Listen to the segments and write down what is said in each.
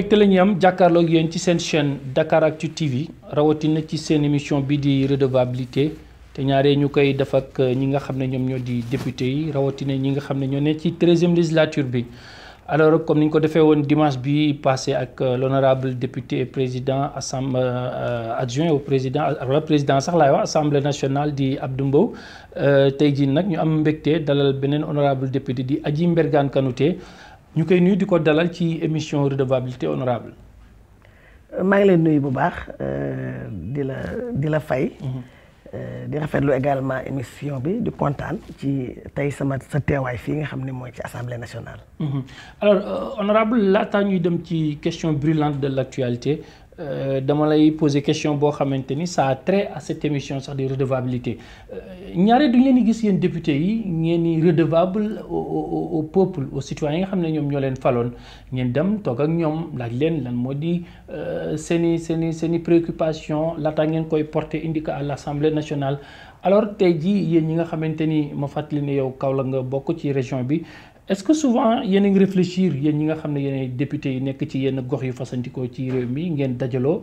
mbégte la am jàkkaarloog yéen ci seen chaîne Dakaractu TV rawatina ci seen émission bi di redevabilité te ñaaree ñu koy def ak euh, ñi nga xam ne ñoom ñoo di député yi rawatina ñi nga xam ne ñoo ne ci treizième législature bi. alors comme ni ñu ko defee woon dimanche bi passé ak euh, l'honorable député et président assemblée euh, adjoint au président wala président sax laay wax assemblée nationale di Abdou Mbow tey jii nag ñu am mbégte dalal beneen honorable député di Adji Mbergane Kanouté Nous koy nuyu di de dalal ci émission redevabilité honorable euh, maa ngi leen nuyu bu euh, de la di la fay. Mhm. Euh, di également émission bi di qui ci tey sama sa teewaay fii nga xam ne ci assemblée nationale. Mhm. alors honorable laataa ñuy dem ci question brûlante de l'actualité euh, dama lay poser question bo xamanteni ça a trait à cette émission sax des redevabilité euh, ñaare duñ leen di gis yéen député yi ngeen di redevable au au peuple aux citoyens yi nga xam ne ñoom ñoo leen dem tok ak ñom laj leen lan modi di euh, seen i seen i seen i préoccupation ngeen koy porter indi ko à l'Assemblée nationale alors tay ji yeen ñi nga xamanteni ni ma fàttali ne yow Kaolack nga bok ci région bi. est-ce que souvent yéen ngi réfléchir yéen ñi nga xam ne yéen député yi nekk ci yenn gox yu fasantikoo ci réew mi ngeen dajalo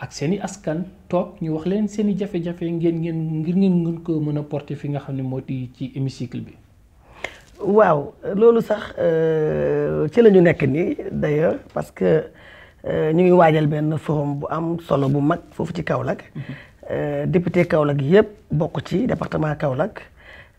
ak askan tok ñu wax leen seeni jafe-jafe ngeen ngeen ngir ngeen ngeen ko mën porter fi nga xam ne di ci hémicycle bi waaw loolu sax euh, ci la ñu nekk nii d'ailleurs parce que euh, ñu ngi waajal forum bu am solo bu mag foofu ci Kaolack mm-hmm. euh, député Kaolack yépp bokk ci département Kaolack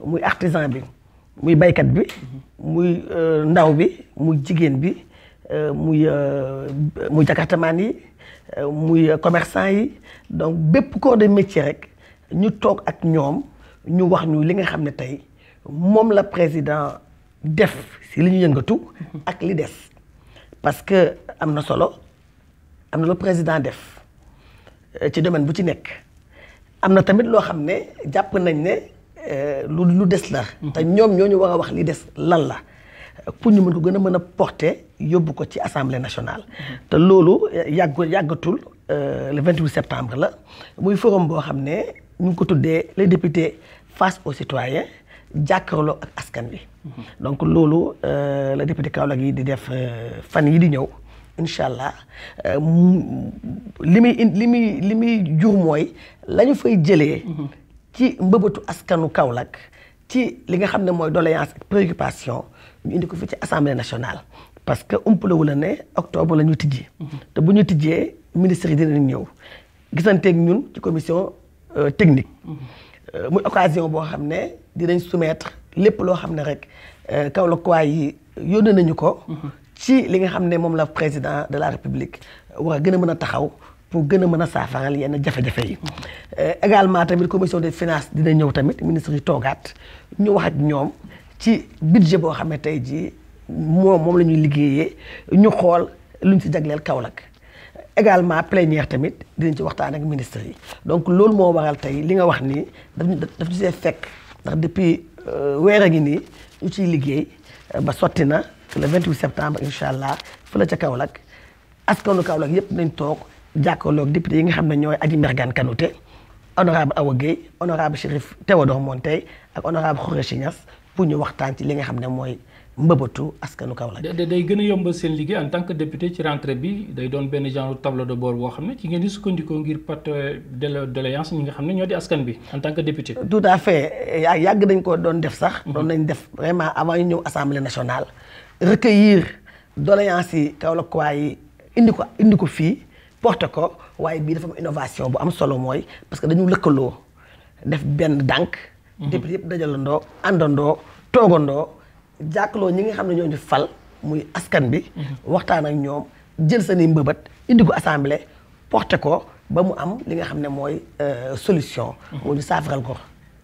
muy artisan bi muy baykat bi muy euh, ndaw bi muy jigen bi euh, muy euh, muy jakartamaan yi muy commerçant yi donc bép corps de métier rek ñu tok ak ñom ñu wax ñu li nga xamné tay mom la président def ci li ñu yëngatu ak li dess parce que amna solo amna le président def ci domaine bu ci nek amna tamit lo xamné japp nañ né euh, lu lu des la. Mhm. te ñom ñoo ñu wax li dess lan la pour ñu mën ko gëna mëna porter yobbu ko ci assemblée nationale. Mhm. te loolu euh, yàgg yàggatul euh, le 28 septembre la muy forum bo xamné ñu ko tuddé les députés face aux citoyens jakarlo ak askan wi. Mhm. donc loolu le député Kaolack yi di def fan yi di ñew inshallah limi limi limi jour moy lañu fay jëlé ci mbëbëtu askanu Kaolack ci li nga moy doléance préoccupation ñu indi ko fi ci assemblée nationale. parce que nous la ne octobre lañu ñu te ministre ñun ci commission euh, technique. Euh, muy occasion dinañ soumettre lépp loo xam rek nous euh, quoi yi yónnee nañu ko. Mmh. ci li nga la président de la république war pour gën a mën a saafaraal yenn jafe-jafe yi euh, également tamit commission de finances dina ñëw tamit ministre yi toogaat ñu wax ak ñoom ci budget boo xam ne tey jii moom moom la ñuy liggéeyee ñu xool luñ ci jagleel Kaolack également plénière tamit dinañ ci waxtaan ak ministre yi donc loolu moo waral tey li nga wax nii daf ñu daf ñu see fekk ndax depuis euh, weer a ngi nii ñu ciy liggéey euh, ba sotti na le 28 septembre incha allah fële ca Kaolack askanu Kaolack yëpp nañ toog. jàkkaarloog député yi nga xam ne ñooy Adji Mergane Kanouté honorable Awa Guèye honorable Chérif Théodore Monteil ak honorable Khoureychi Niass pour ñu waxtaan ci li nga xam ne mooy mbëbëtu askanu Kaolack. day gën a yombal seen liggéey en tant que député ci rentrée bi day doon benn genre tableau de bord boo xam ne ci ngeen di sukkandikoo ngir porte doléance ñi nga xam ne ñoo di askan bi en tant que député. tout à fait yàgg dañ ko doon def sax. Mhm. doon nañ def vraiment avant ñu ñëw assemblée nationale recueillir doléance yi Kaolack waa yi indi ko indi ko fii. porté ko waaye bii dafa am innovation bu am solo mooy parce que dañu lëkkaloo def benn dànk. Mhm. député yëpp dajalandoo àndandoo toogandoo jàkkaloo ñi nga xam ne ñoo ñu fal muy askan bi. Mhm. waxtaan ak ñoom jël sa i mbëbët indi ko assemblée porté ko ba mu am li nga xam ne mooy euh, solution. Mhm. mu ñu saafaral ko.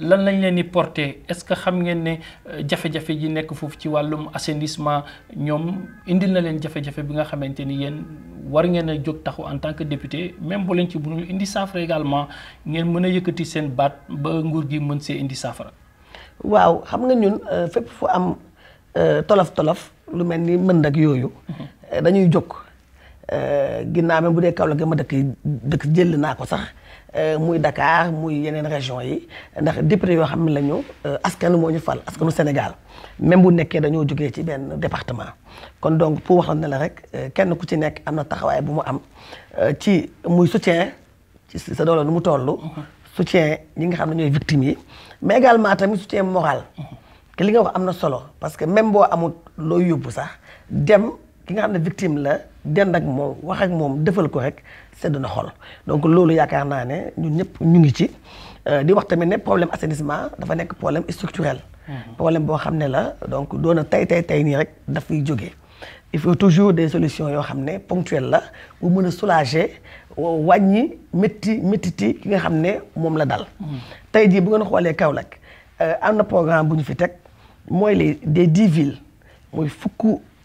lan lañ leen ni porté est-ce que xam ngeen ne euh, jafe-jafe ji nekk foofu ci wàllum assainissement ñoom indi na leen jafe-jafe bi nga xamante ni yéen war ngeen a jóg taxu en tant que député même bu leen ci mënul indi saafara également ngeen mën a yëkkati seen baat ba nguur gi mën see indi saafara. waaw xam nga ñun euh, fépp fu am euh, tolof tolof lu mel ni mën ak yooyu. Mhm. dañuy jóg ginnaaw même bu dee Kaolack ma dëkk dëkk jël naa ko sax. Euh, muy Dakar muy yenen région yi ndax député yo xam lañu euh, askanu moñu fal askanu Sénégal même bu nekké dañu joggé ci ben département kon donc pour waxoon ne la rek euh, kenn ku ci nekk amna taxaway taxawaay bu mu am ci muy soutien ci sa doole nu mu tollu soutien ñi nga xam ñoy victime victimes yi mais également tamit soutien moral que li nga wax amna solo parce que même bo amul lo yóbbu sax dem ki nga xam ne victime la dend ak moom wax ak moom defal ko rek sedd na xol donc loolu yaakaar naa ne ñun ñëpp ñu ngi ci euh, di wax tamit ne problème assainissement dafa nekk problème structurel. Mm-hmm. problème boo xam ne la donc doona na tey tey tey nii rek daf fiy jógee. il faut toujours des solutions yoo xam ne ponctuelles la bu mën a soulager euh, wàññi métti méttiti ki nga xam ne moom la dal. Mm-hmm. tey jii bu ngeen xoolee Kaolack euh, am na programme bu ñu fi teg mooy les des 10 villes mooy fukk.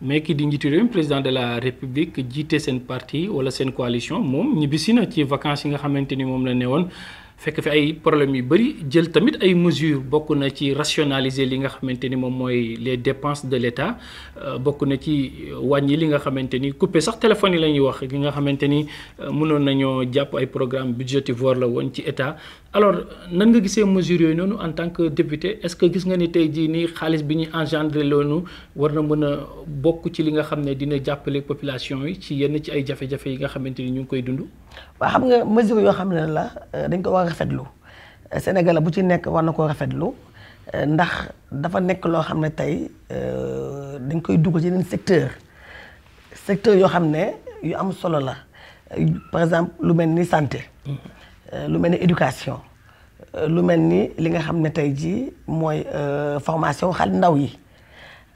mais qui di le président de la république jiite seen parti wala la coalition moom ñibbisi na ci vacances yi nga xamante ni fekk fi ay problèmes yu bëri jël tamit ay mesures bokk na ci rationaliser li nga xamante ni moom mooy les dépenses de l'État euh, bokk na ci wàññi li nga xamante ni couper sax téléphone yi la ñuy wax li nga xamante ni euh, mënoon nañoo jàpp ay programme budgétivore la woon ci État alors nan nga gisee mesures yooyu noonu en tant que député est-ce que gis nga ni tey jii ni xaalis bi ñuy engendré loonu war na mën a bokk ci li nga xam ne dina jàppale population yi ci yenn ci ay jafe-jafe yi nga xamante ni ñu ngi koy dund waaw xam nga mesure yoo xam ne la euh, dañ ko war a rafetlu Sénégal bu ci nekk war na koo rafetlu euh, ndax dafa nekk loo xam ne tey euh, dañ koy dugg ci yeneen secteur secteur yoo xam ne yu am solo la par exemple lu mel ni santé lu mel ni éducation lu mel ni li nga xam ne tey jii mooy formation xal ndaw yi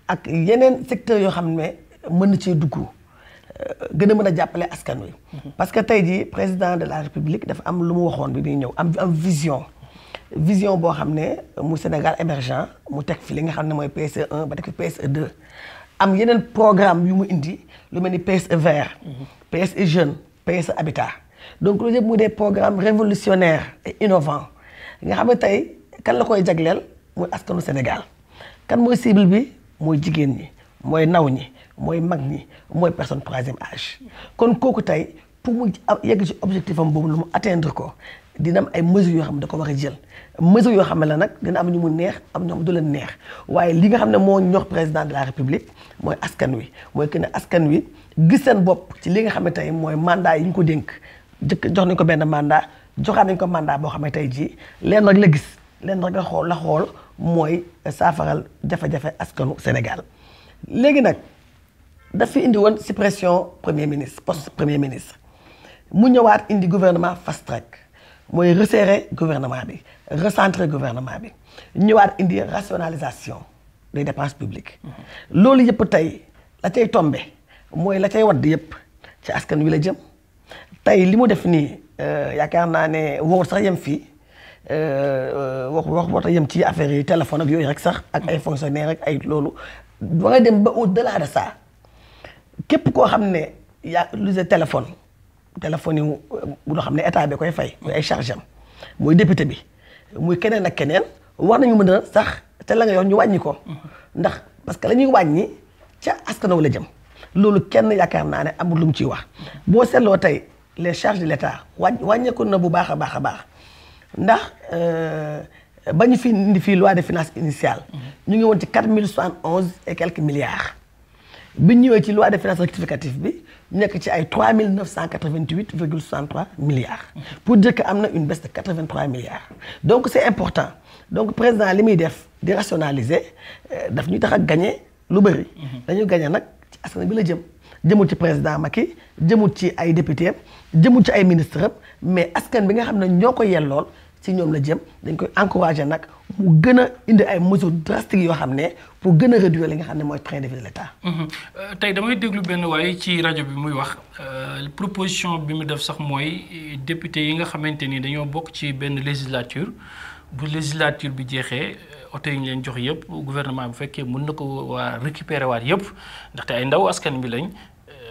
ak yeneen secteur yoo xam ne mën na cee dugg gëna mëna jappalé a askan wi. parce que tay jii président de la république dafa am lu mu waxoon bi muy ñew am am vision. vision bo xamné mu Sénégal émergent mu tek fi li nga xamné moy PSE 1 ba teg fi PSE 2 am yenen programme yu mu indi lu mel PSE vert. PSE jeune PSE habitat donc loolu yëpp mu des programmes révolutionnaires et innovants nga xamé tay kan la koy jagleel moy askanu Sénégal kan moy cible bi moy jigen ni moy naw ñi magni, mag personne troisième âge kon pour mu yegg ci objectif am bobu atteindre ko dina ay mesures yoo xam da ko a jël mesures yoo xam la nag am ñu mu neex am président de la république moi askan wi mooy que ne askan wi gis mandat yi ñu ko jox ko benn mandat joxaat nañ ko mandat boo xam ne tey jii Sénégal Légui nak daf fi indi won suppression premier ministre poste premier ministre mu ñëwaat indi gouvernement fast track moy resserrer gouvernement bi recentrer gouvernement bi ñëwaat indi rationalisation des dépenses publiques loolu yëpp tay la tay tombe moy la tay wad yëpp ci askan wi la jëm tay limu mu def nii euh, yaakaar naa ne wowul sax yem fii euh, euh, wax wax boo tax yem ci affaire yi téléphone ak yooyu rek sax ak ay fonctionnaires rek ay loolu ba nga dem ba au delà de ça képp koo xam ne yaa utilisé téléphone téléphone yi loo xam ne état bi koy fay muy ay charge am muy député bi muy keneen ak keneen war nañu mën a sax te la nga yor ñu wàññi ko ndax parce que la wàññi ca askanaw la jëm loolu kenn yaakaar naa ne amul lu mu ciy wax boo seetloo tey les charges de l' état wàññeeku na bu baax a baax a baax ndax euh, ba fi indi loi de finances initiale. ñu ngi 4 et quelques milliards. bi ñu ci loi de finance rectificative bi avons nekk ci ay trois milliards. pour dire que une baisse de 83 milliards. donc c'est important donc président li def di rationaliser euh, daf ñuy tax a gagné lu bëri. dañu gagné nag ci askan bi la jëm. ci président Macky jëmul ci ay député ci ay ministre mais askan bi nga xam ci ñoom la jëm dañ koy encourager nag mu gën a indi ay mesures drastiques yoo xam ne pour gën a réduire li nga xam ne mooy train de vie de mhm. euh, tey damay déglu benn waaye ci rajo bi muy wax euh, proposition bi mu def sax mooy euh, député yi nga xamante ni dañoo bokk ci benn législature bu législature bi jeexee. oto yi ñu leen jox yëpp gouvernement bu fekkee mën na ko waa récupérer waat yëpp ndaxte ay ndaw askan bi lañ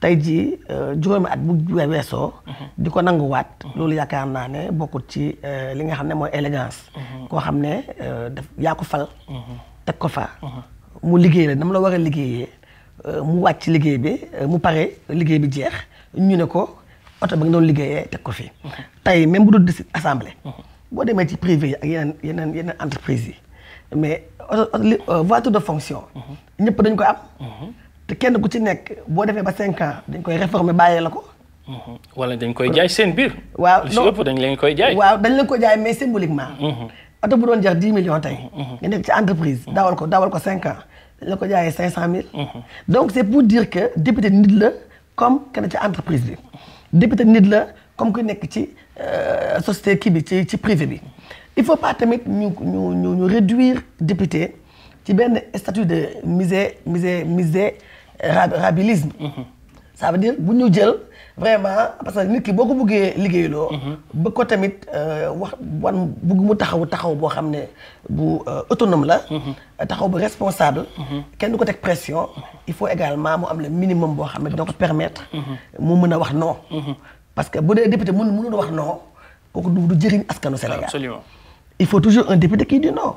tey jii euh, juróomi at bu weesoo. Mhm. di ko nanguwaat. loolu yaakaar naa ne bokkut ci euh, li nga xam ne mooy élégance. Mhm. koo xam ne euh, daf yaa ko fal. Mhm. teg ko fa. mu liggéey la dama la war a liggéeyee mu ci liggéey bi mu pare liggéey bi jeex ñu ne ko oto ba nga doon liggéeyee teg ko fi. tey même bu dul di assemblée. boo demee ci privé yi ak yeneen yeneen yeneen entreprise yi mais oto voiture de fonction. ñëpp dañ ko am. te kenn ku ci nekk boo defee ba 5 ans dañ koy réformer bàyyee la ko. Mhm. wala dañ koy jaay seen biir. waaw li ëpp dañ leen koy jaay. waaw dañ leen koy jaay mais symboliquement. Mhm. oto bu doon jar 10 millions tey. Mhm. nga nekk ci entreprise. dawal ko dawal ko 5 ans dañ la ko jaayee cinq mille. donc c' est pour dire que député nit la comme kenn ci entreprise bi. député nit la comme ku nekk ci euh, société kii bi ci ci privé bi. il faut pas tamit ñu ñu ñu réduire député ci benn statut de misé misé misé. rabilisme mhm. ça veut dire bu ñu jël vraiment parce que nit ki boo ko buggee liggéeyloo mhm. bëgg ko tamit euh, wax wan bugg mu taxaw taxaw boo xam ne bu euh, autonome la mhm. taxaw bu responsable kenn du ko teg pression il faut également mu am le minimum boo xam ne dina ko permettre mu mën a wax non parce que bu dee député mun mënul wax non kooku du jëriñ askanu Sénégal absolument il faut toujours un député qui dit non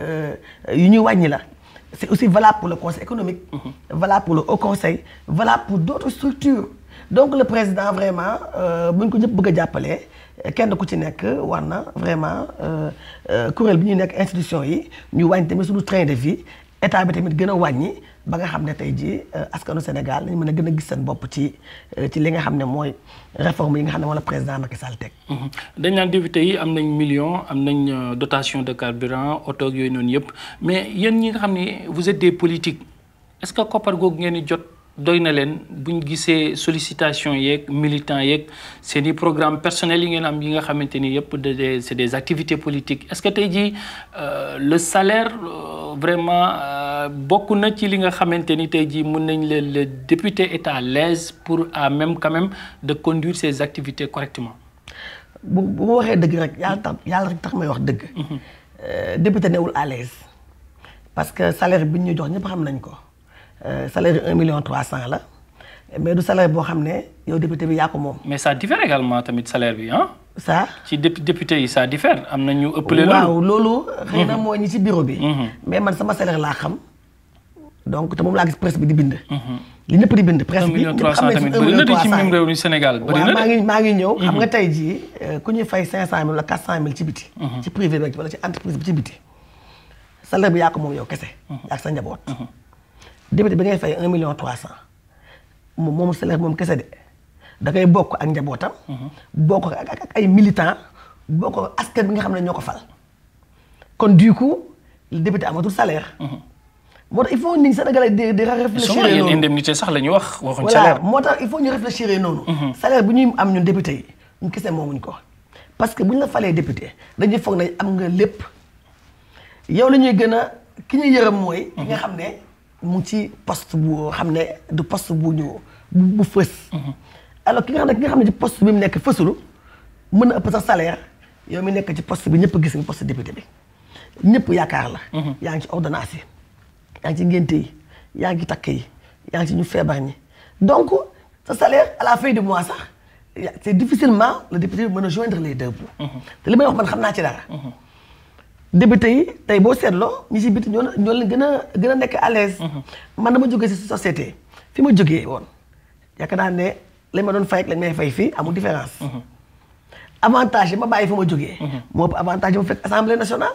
Euh, c'est aussi valable pour le conseil économique mhm. valable pour le haut conseil valable pour d'autres structures donc le président vraiment il euh, ñu ko ñëpp bëgg a jàppalee kenn ku ci nekk war vraiment euh, kuréel bi ñuy nekk institution yi ñu wàññi tamit suñu train de vie état bi tamit gën ba nga xam ne tey jii euh, askanu Sénégal ñu mën a gën a gis seen bopp ci euh, ci li nga xam ne mooy réforme yi nga xam ne moom président Macky Sall teg. Mhm. dañ naan député yi am nañ million am nañ euh, dotation de carburant oto yooyu noonu yëpp mais yéen ñi nga xam ne vous êtes des politiques est-ce que koppar googu ngeen jot doy na leen buñ gisee sollicitation yeeg militant yeeg seen i programme personnel yi ngeen am yi nga xamante ni yëpp de c'est des activités politiques est-ce que tey jii le salaire vraiment bokk na ci li nga xamante ni tey jii mën nañ le député est à l'aise pour à même quand même de conduire ses activités correctement. bu bu ma waxee dëgg rek yàlla tax yàlla rek tax may wax dëgg. Mhm. Euh, député newul à l'aise parce que salaire bi ñu jox ñëpp xam nañ ko euh, salaire un million trois cent la mais du salaire boo xam ne yow député bi yaa ko moom. mais ça diffère également tamit salaire bi ah. ça ci député yi ça diffère am na ñu ëppale. loolu waaw loolu. Mhm. xëy na moo ñi ci bureau bi. Mhm. mais man sama salaire laa xam. donc te moom laa gis presse bi di bind. li ñëpp di bind presse bi. 1 million 300 tamit bëri na di ci maa ngi maa xam nga mhm. tey jii euh, ku ñuy fay 500000 wala 400000 ci biti. Mhm. ci privé bi wala ci entreprise bi ci biti. salaire bi yaa ko moom yow kese. Mhm. ak sa njaboot. député bi ngay fay 1 million 300. moom moomu salaire moom kese de da ngay bokk ak njabootam. bokk ak ak ay militant bokk ak bi nga xam ne ñoo ko fal. kon du coup a amatul salaire. moo tax il faut ni Sénégalais di di réfléchir noonu la ñuy wax waxuñ salaire moo tax il faut ñu réfléchir noonu mhm. salaire bi ñuy am ñun député yi ñu kese moomuñ ko parce que bu ñu la falee député dañuy foog nañ am nga lépp yow la ñuy gën a ki ñuy yërëm mooy ki nga mhm. xam ne mu ci post bu xam ne du poste bu ñu bu fës mhm. alors ki nga xam ne nga xam ne ci poste bi mu nekk fësulu mën na ëpp sax salaire yow mi nekk ci poste bi ñëpp gis nga poste député bi ñëpp yaakaar la yaa ngi ci ordonnance yaa ngi ci ngénte yi yaa ngi ci takk yi yaa ngi ci ñu feebar ñi donc sa salaire à la fin de mois sax c'est difficilement le député mën a joindre les deux bouts. Mhm. te li may wax man xam naa ci dara. Mhm. député yi tey boo seetloo ñi si biti ñoo ñoo leen gën a gën a nekk à l'aise mhm. man dama jógee si société fi ma jógee woon yaakaar naa ne lañ ma doon fay ak lañ may fay fii amul différence. avantage yi ma bàyyi fa ma jógee. moo avantage yi ma fekk assemblée nationale.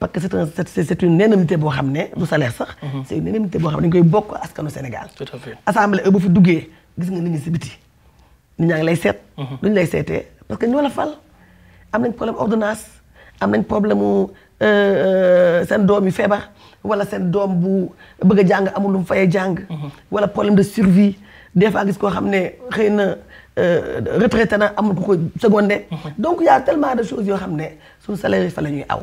parce que c'est un c'est une indemnité pour ramener du salaire sax. Mhm. c'est une indemnité ramener xam ne dañ koy bokk askanu Sénégal. tout à fait assemblée bu fi duggee gis nga nit ci biti. ni ñaa lay sét mhm. duñ lay sété parce que ñoo la fal am nañ problème ordonnance am nañ problème euh, euh seen doom yu feebar wala sen doom bu bëgg jàng amul lu mu fayé jàng. Mhm. wala problème de survie des fois gis ko xamné xeyna euh na. retraité na amul ko ko secondé. donc y a tellement de choses yo xamné ne salaire yi fa la aw.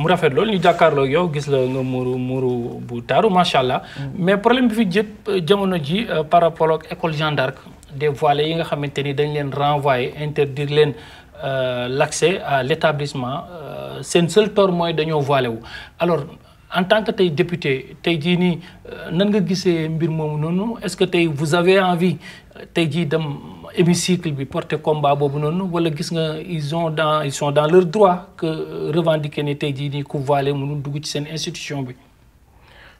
mura rafet loolu ñu jàkkaarloo yow gis la nga muru muru bu taru machallah mais mm. problème bi fi jëpp jamono ji uh, par rapport ak école Jean d'Arc des voiles yi nga xamanteni dañ leen renvoyer interdire leen uh, l'accès à l'établissement uh, sen seul tor moy dañu voiler wu alors. en tant que tey député tey jii ni euh, nan nga gisee mbir moomu noonu est-ce que tey vous avez envie euh, tey jii dem hémicycle bi porter combat boobu noonu wala gis nga ils ont dans ils sont dans leur droit que euh, revendiquer ne tey jii ni ku voilé mënul dugg ci seen institution bi.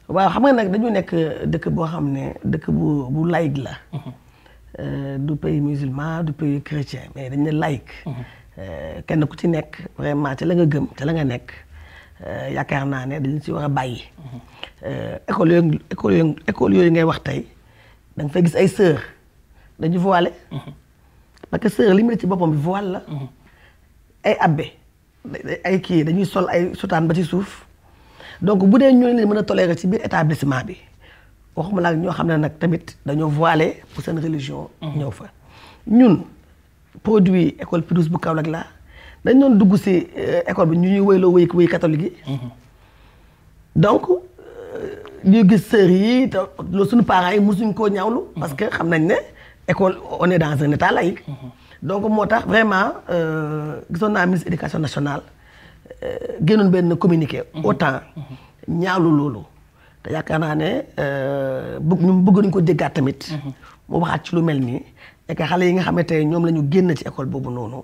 waaw xam nga nag dañu nekk dëkk boo xam ne dëkk bu bu laïque la. Mhm. du pays musulman du pays chrétien mais dañ ne laïque. Mhm. kenn ku ci nekk vraiment te la nga gëm te la nga nekk. Il euh, y ne dañ a euh, école école école ngay wax nga gis ay sœur dañu parce que sœur ci voile la. ay ay dañuy sol ay ba ci donc boudé ñu mëna ci biir établissement bi waxuma la ñoo nak tamit pour religion. ñeu fa produit école bu dañ doon dugg si euh, école bi ñu ñuy wéyloo wéy wéy catholique yi. Mhm. donc euh, ñu gis sœurs yi te loolu suñu parents yi mosuñ koo ñaawlu. Mhm. parce que xam nañ ne école on est dans un état laïque. Mhm. donc moo tax vraiment euh, gisoon naa ministre éducation nationale génnoon benn communiqué. autant ñaawlu loolu. te yaakaar naa ne bu ñu bëgg nañu ko déggaat tamit. mu waxaat ci lu mel nii et que xale yi nga xamante ne ñoom la ñu génn ci école boobu noonu.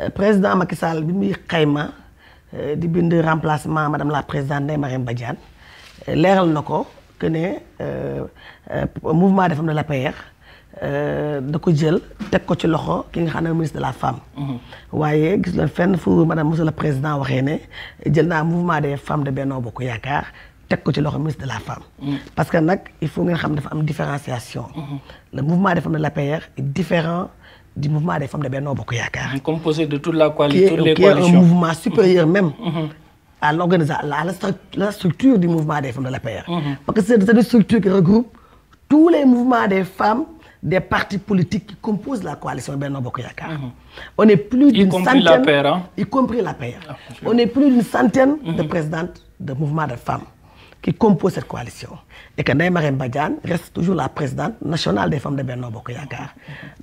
Euh, président Macky Sall bi muy xayma euh, di bind remplacement madame la présidente Ndeye Marine Badiane euh, leeral na que le mouvement des femmes de l'APR da ko jël teg ko ci loxo ki nga xam ministre de la femme. Mm-hmm. waaye gis la fenn fu madame monsieur le président waxee ne jël naa mouvement des femmes de Benno Bokk Yaakaar teg ko ci loxo ministre de la femme. Mm-hmm. parce que nag il faut une xam dafa am différenciation. Mm-hmm. le mouvement des femmes de l'APR est différent du mouvement des femmes de Bernard est Composé de toute la coalition. Qui est, un mouvement supérieur même mm-hmm. Mm-hmm. à, à la, structure du mouvement des femmes de la paix. Mm-hmm. Parce que c'est une structure qui regroupe tous les mouvements des femmes des partis politiques qui composent la coalition de Benoît Mmh. On est plus d'une centaine. Hein. Y compris la ah, On est plus d'une centaine de présidentes de mouvements de femmes qui compose cette coalition. Et que Naïma Mbadjan reste toujours la présidente nationale des femmes de Bernard Bokoyakar.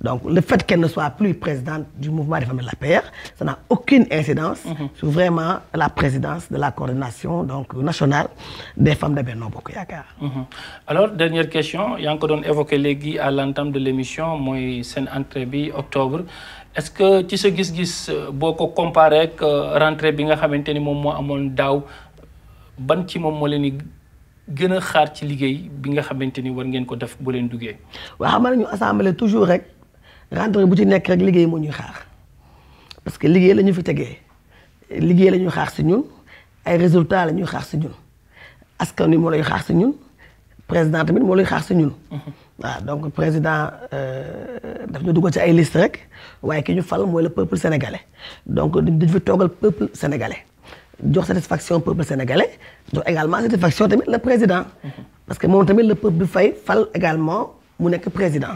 Donc le fait qu'elle ne soit plus présidente du mouvement des femmes de la paix, ça n'a aucune incidence mhm. sur vraiment la présidence de la coordination donc, nationale des femmes de Bernard Bokoyakar. Mhm. Alors, dernière question, il y a encore évoqué les à l'entente de l'émission, moi, c'est entrée octobre. est-ce que tu se gis-gis euh, boo comparer euh, que rentrée bi nga xamante ni à mon ban ci que mo leen xaar ci bi nga war ngeen toujours rek bu ci rek parce que liggéey la fi tegee liggéey la xaar ñun ay résultats xaar ñun askan lay xaar président tamit lay xaar mhm. président euh, daf ñu dugal ci ay rek le peuple sénégalais donc dañ fi le peuple sénégalais jox satisfaction peuple sénégalais donc également satisfaction tamit le président parce que moom tamit le peuple du fay fal également mu nekk président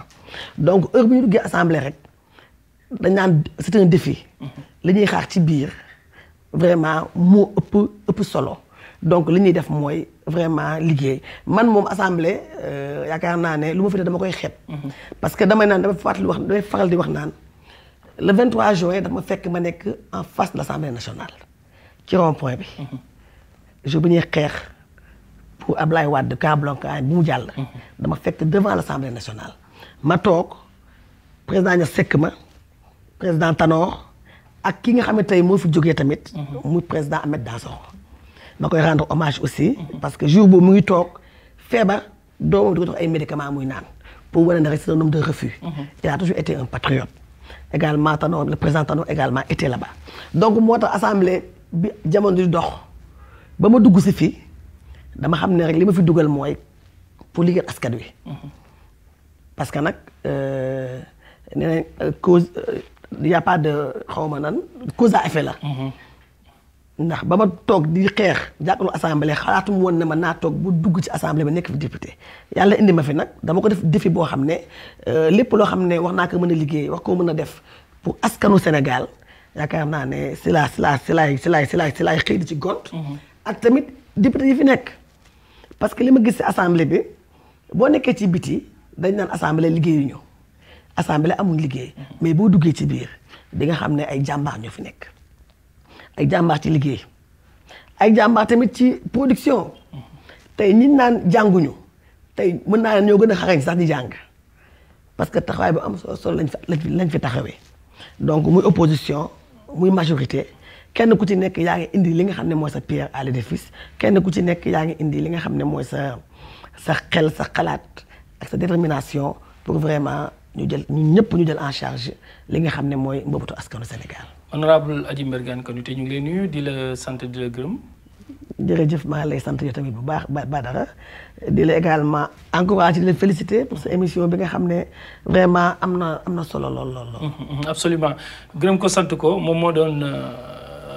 donc heure bu assemblée rek dañ c'est un défi li ñuy xaar ci biir vraiment moo ëpp peu solo donc li ñuy def vraiment ligué. man moom assemblée euh, yaakaar naa ne lu ma fi def dama koy xeeb parce que damay naan damay fàttali wax damay faral di wax naan le 23 juin dama fekk ma nekk en face de l'Assemblée nationale qui rond point bi. je mhm. venir xeex pour Ablaye Wade Blanc, bu mu jàll. dama fekk devant l'Assemblée nationale. ma toog président ña sekk ma président Tanor ak ki nga xam ne tey moo fi tamit. Mhm. président Ahmed Dazor. ma koy rendre hommage aussi. Mhm. parce que jour boobu mu ngi toog feebar doomam di ko jox ay médicaments pour wane ne rek c'est un nombre de refus. il a toujours été un patriote. également Tanor le président Tanor également était là-bas donc moo tax assemblée bi jamono di dox ba ma dugg si fii dama xam ne rek li ma fi dugal mooy pour liggéeyal askan wi. parce que nag euh, nee nañ euh, cause il euh, y a pas de xaw ma nan cause à effet la. Mhm. ndax ba ma toog di xeex jàkkaarloo assemblée xalaatum woon ne ma naa toog bu dugg ci assemblée ba nekk fi député yàlla indi ma fi nag dama ko def défi boo xam ne lépp loo xam ne wax naa ko mën a liggéey wax ko mën a def pour askanu Sénégal. yaakaar naa ne si laa si laa si laay si laay si laay si laay xëy di ci gont ak tamit député yi fi nekk parce que li ma gis si assemblée bi boo nekkee ci biti dañ naan assemblée liggéeyuñu assemblée amul liggéey mais boo duggee ci biir di nga xam ne ay jàmbaar ñoo fi nekk ay jàmbaar ci liggéey ay jàmbaar tamit ci production tey ñi naan jànguñu tey mën naa ñoo gën a xarañ sax di jàng parce que taxawaay bu am solo lañ fi lañ fi taxawee donc muy opposition muy majorité kenn ku ci nekk yaa ngi indi li nga xam ne mooy sa pierre à l'édifice kenn ku ci nekk yaa ngi indi li nga xam ne mooy sa sa xel sa xalaat ak sa détermination pour vraiment ñu jël ñu ñëpp ñu jël en charge li nga xam ne mooy mbëbatu askanu Sénégal. honorable Adji Mbergane Kanouté ñu ngi lay nuyu di la sant di la gërëm jërëjëf maa ngi lay sant yow tamit bu baax Badara di la également encouragé di la félicité pour sa émission bi nga xam ne vraiment am na am na solo lool lool lool. Mm-hmm, mm-hmm, absolument gërëm ko sant ko moom moo doon. Euh,